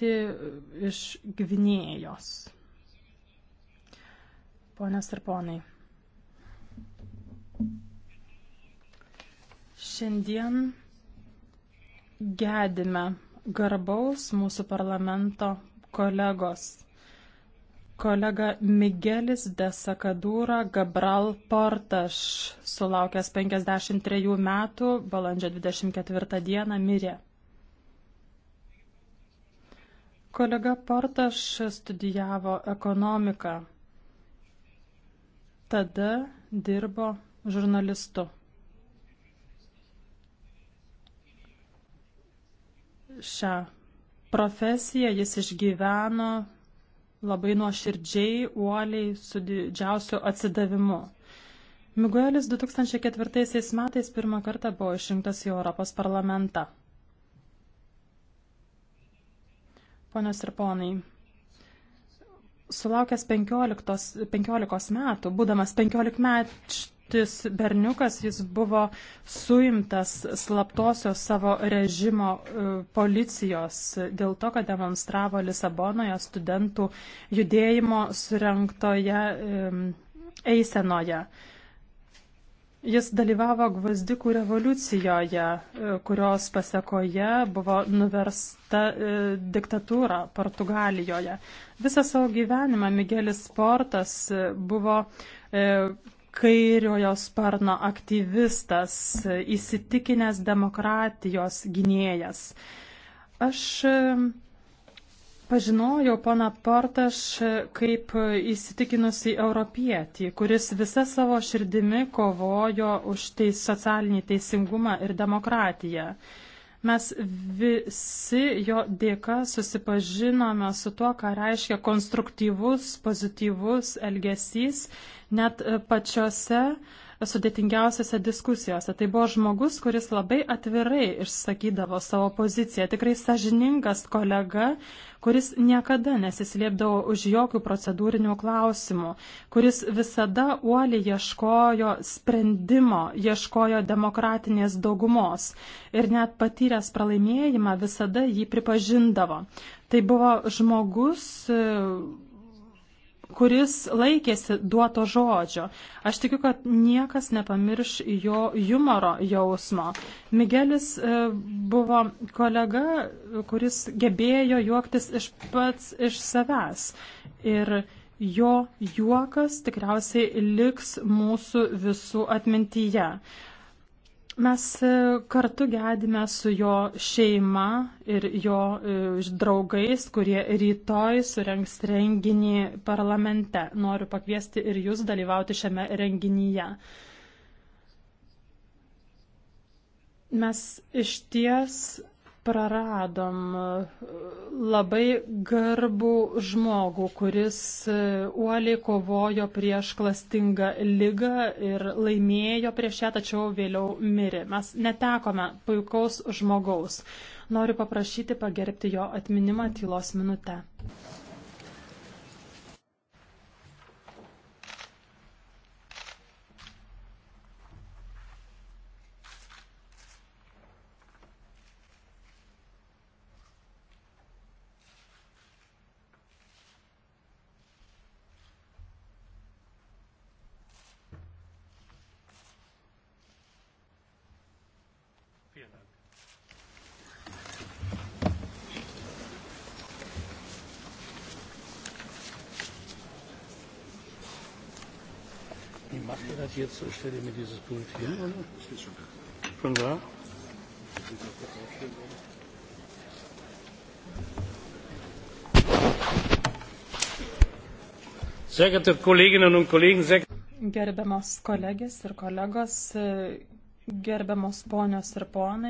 kiti e, iš Gvinėjos. Ponios ir ponai. Šiandien gedime garbaus mūsų parlamento kolegos. Kolega Miguelis Desakadūra Gabral Portaš, sulaukęs 53 metų, balandžio 24 dieną mirė. Kolega Portaš studijavo ekonomiką, tada dirbo žurnalistu. Šią profesiją jis išgyveno labai nuoširdžiai, uoliai, su didžiausiu atsidavimu. Miguelis 2004 metais pirmą kartą buvo išrinktas į Europos parlamentą. Ponios ir ponai, sulaukęs 15, 15 metų, būdamas 15 metis berniukas, jis buvo suimtas slaptosios savo režimo e, policijos dėl to, kad demonstravo Lisabonoje studentų judėjimo surinktoje eisenoje. Um, Jis dalyvavo gvazdikų revoliucijoje, e, kurios pasekoje buvo nuversta e, diktatūra Portugalijoje. Visą savo gyvenimą Miguelis Portas e, buvo e, kairiojo sparno aktyvistas, e, įsitikinęs demokratijos gynėjas. Aš e, pažinojau poną Portaš kaip įsitikinusi europietį, kuris visa savo širdimi kovojo už teis, socialinį teisingumą ir demokratiją. Mes visi jo dėka susipažinome su tuo, ką reiškia konstruktyvus, pozityvus elgesys net pačiose uh, sudėtingiausiose diskusijose. Tai buvo žmogus, kuris labai atvirai išsakydavo savo poziciją, tikrai sažiningas kolega, kuris niekada nesislėpdavo už jokių procedūrinių klausimų, kuris visada uoliai ieškojo sprendimo, ieškojo demokratinės daugumos ir net patyręs pralaimėjimą visada jį pripažindavo. Tai buvo žmogus, kuris laikėsi duoto žodžio. Aš tikiu, kad niekas nepamirš jo humoro jausmo. Migelis e, buvo kolega, kuris gebėjo juoktis iš pats iš savęs. Ir jo juokas tikriausiai liks mūsų visų atmintyje. Mes e, kartu gedime su jo šeima ir jo e, draugais, kurie rytoj surengs renginį parlamente. Noriu pakviesti ir jūs dalyvauti šiame renginyje. Mes iš ties praradom e, labai garbų žmogų, kuris e, uoliai kovojo prieš klastingą lygą ir laimėjo prieš ją, tačiau vėliau mirė. Mes netekome puikaus žmogaus. Noriu paprašyti pagerbti jo atminimą tylos minutę. macht ihr er das jetzt? Ich stelle mir dieses Pult hin, oder? Steht schon da. Schon da? Sehr geehrte Kolleginnen und Kollegen, sehr Gerbiamos kolegės ir kolegos, gerbiamos ponios ir ponai.